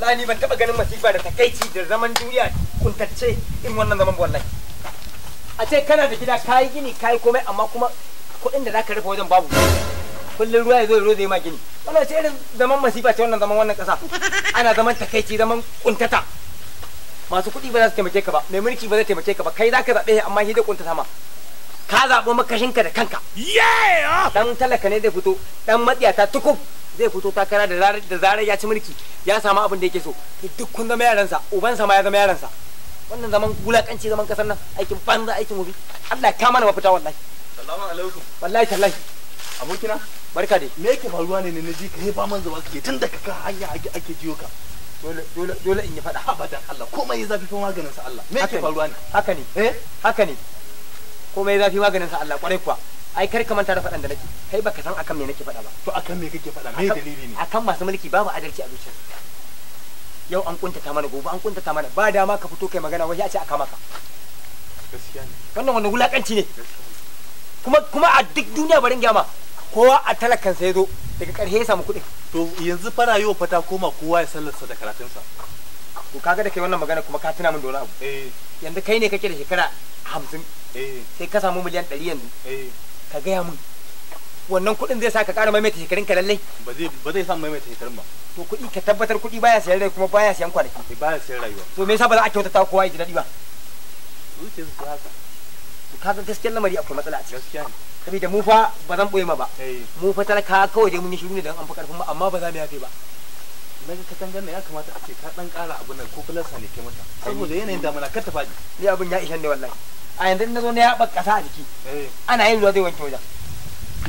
wallahi ni ban taba ganin masifa da takaici da zaman duniya kuntacce in wannan zaman wallahi a ce kana da gida kayi gini kayi komai amma kuma kuɗin da zaka rufe wajen babu kullun ruwa ya zo ruwa zai ma gini wannan ce irin zaman masifa ce wannan zaman wannan ƙasa ana zaman takaici zaman kuntata masu kuɗi ba za su taimake ka ba mai mulki ba zai taimake ka ba kai zaka zaɓe amma hidda kuntata ma ka zaɓo makashinka da kanka ah! dan talaka ne zai fito dan matsiyata tukub zai fito takara da zarar ya ci mulki ya samu abin da yake so duk kun zama yaransa ubansa ma ya zama yaransa wannan zaman wulaƙanci zaman kasar nan aikin banza aikin gobe Allah ya kama mafita wallahi salamu alaikum wallahi tallahi abokina barka dai me yake faruwa ne ne ji ka ba man zuwa kake tun da ka ka hanya ake jiyo ka dole dole dole in yi faɗa abadan Allah komai ya zafi fa maganin sa Allah me yake faruwa ne haka ne eh haka ne komai zafi maganin sa Allah kwarai kuwa ai kar ka manta da faɗan da nake kai baka san akan me nake faɗa ba to akan me kake faɗa me dalili ne akan masu mulki babu adalci a zuciyar yau an kuntata mana gobe an kuntata mana ba dama ka fito kai magana wai a ce aka maka gaskiya ne wannan wannan wulakanci ne kuma kuma a duk duniya barin gyama kowa a talakan sa yazo daga karshe ya samu kuɗi to yanzu fara yau fata koma kowa ya sallarsa da karatunsa to kaga da kai wannan magana kuma ka tuna min da wani abu eh yanzu kai ne kake da shekara hamsin Eh. sai ka samu miliyan ɗari yanzu eh. ka gaya min wannan kuɗin zai sa ka ƙara maimaita shekarun ka lallai ba zai ba zai samu maimaita shekarun ba to kuɗi ka tabbatar kuɗi baya sayan rai kuma baya sayan kwanaki eh, baya sayan rayuwa to me yasa ba za a kyautata ta kowa ya ji daɗi ba zuciyar su haka to kaga gaskiyar lamari akwai matsala a ciki gaskiya ne saboda mu fa ba zan boye ma ba mu fa talaka kawai dai mun yi shiru ne dan an fi karfin mu amma ba za mu yafe ba na ga katangar ne ya kamata a ce ka ɗan ƙara abu nan ko filasta ne ke mata saboda yanayin damuna kar ta faɗi ni abin ya ishan ne wallahi a yanzu na zo na ya kasa a jiki eh. ana yin ruwa zai wanke wajen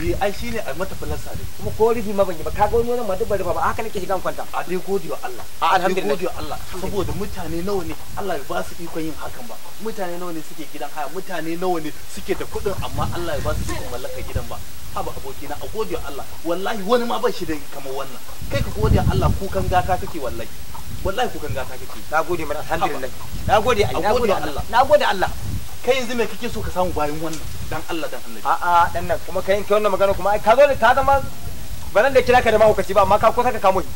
eh ai shine a mata falasa dai kuma ko rufi ma ban yi ba kaga wani wannan ma duk ban rufa ba haka nake shiga kwanta a dai gode wa Allah a alhamdulillah gode wa Allah saboda mutane nawa ne Allah ya ba su ikon yin hakan ba mutane nawa ne suke gidan haya mutane nawa ne suke da kuɗin amma Allah ya ba su ikon mallaka gidan ba haba abokina a gode wa Allah wallahi wani ma bai shi da kamar wannan kai ka gode wa Allah kukan gata kake wallahi wallahi kukan gata kake na gode mana alhamdulillah na gode Allah na gode Allah kai yanzu me kake so ka samu bayan wannan dan Allah dan Annabi a'a dan nan kuma kai yanke wannan magana kuma ai ka zo da ka zama ba da kira ka da ma mahaukaci ba amma ka kusa ka kamo shi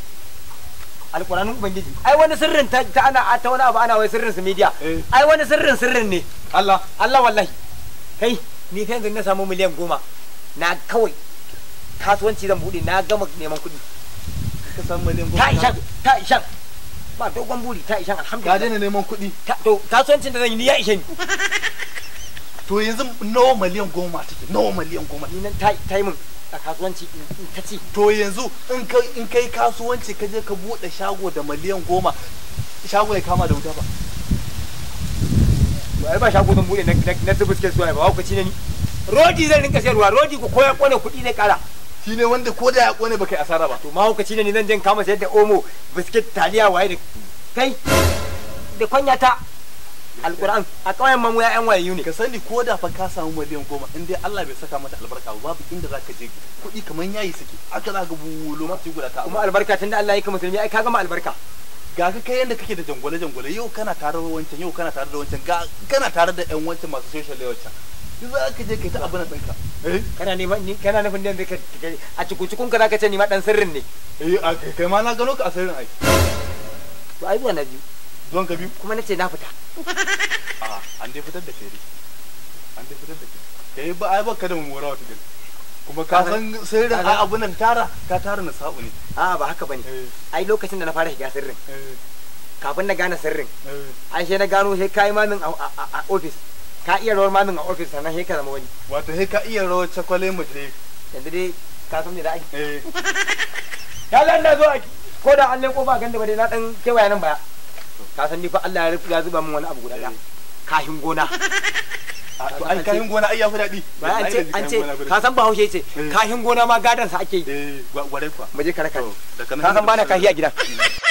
alƙur'anin ubangiji ai wani sirrin ta ana ta wani abu ana wai sirrin su media eh. ai wani sirrin sirrin ne Allah Allah wallahi kai ni kai yanzu na samu miliyan goma na kawai kasuwanci zan buɗe na gama neman kuɗi ka samu miliyan goma ta ishan ta ishan ba dogon buri ta ishan alhamdulillah ka daina neman kuɗi to kasuwancin da zan yi ni ya ishe ni to yanzu nawa miliyan goma take nawa miliyan goma ni nan ta yi min a kasuwanci in ta ci to yanzu in ka in kai kasuwanci ka je ka bude shago da miliyan goma shago ya kama da wuta ba ai ba shago zan bude na zubi suke suwa ba ku ci ne ni rodi zan rinka sayarwa rodi ku koyar kone kuɗi ne kara shi ne wanda ko da ya kone baka asara ba to ma ku ci ne ni zan je kama sayar da omo biskit taliya waye da kai da kwanyata alquran a kawai mamu ya yan wayayu ne ka sani ko da fa ka samu miliyan goma in dai Allah bai saka mata albarka ba babu inda zaka je kuɗi kaman yayi suke aka za ka bulo mata guda ta kuma albarka tunda Allah ya ka musulmi ai ka gama albarka ga ka kai yanda kake da jangole jangole yau kana tare da wancan yau kana tare da wancan kana tare da yan wancan masu social wancan duk za ka je kai ta abin ɗinka. Eh? kana neman ni kana nufin da ka a cikukun ka ka ce ni ma dan sirrin ne eh kai ma na gano ka a sirrin ai to ai na biyu zuwan ka biyu kuma nace na fita a ah, an dai fitar da kai an dai fitar da kai kai ba ai baka da mumura wata gani kuma ka san sirrin a abun nan tara ka tara na sa'u ne a ah, ba haka bane eh. ai lokacin da na fara shiga sirrin eh. kafin na gane sirrin eh. ai sai na gano sai kai mamin a office ka iya rawar mamin a office sannan sai ka zama wani wato sai ka iya rawar cakwale mu dai yanzu dai ka san me da ake ya na zo aki ko da an leko ba ganda ba dai na dan kewaya nan baya ka san ni fa Allah ya riga zuba min wani abu guda da, kashin gona to ai kashin gona ai fi dadi ba an ce an ce ka san bahaushe ce eh. kashin gona ma gadan sa ake yi eh gwarai kwa mu je kare kare ka san bana kashi a gidan mm.